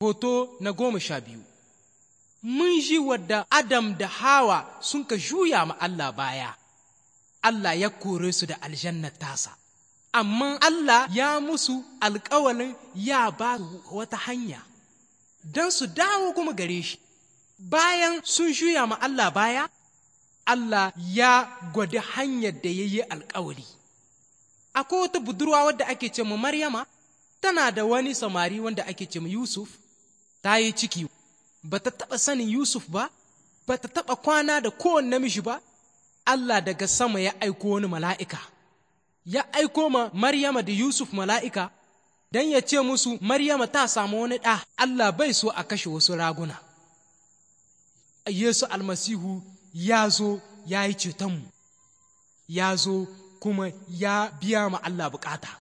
Hoto na goma sha biyu Mun ji wadda Adam da Hawa sun ka juya ma Allah baya, Allah ya kore su da aljannar tasa, amma Allah ya musu alkawalin ya ba wata hanya don su dawo kuma gare shi. Bayan sun juya ma Allah baya, Allah ya gwada hanyar da ya yi alkawali. Akwai wata budurwa wadda ake ce ma Maryama, tana da wani samari wanda ake ce ma Yusuf. ta yi ciki ba ta taɓa sanin Yusuf ba, ba ta taɓa kwana da kowane namiji ba, Allah daga sama ya aiko wani mala'ika, ya aiko ma Maryama da Yusuf mala'ika, don ya ce musu Maryama ta samu wani ɗa, Allah bai so a kashe wasu raguna. Yesu almasihu ya zo ya yi cetonmu, ya zo kuma ya biya ma Allah bukata.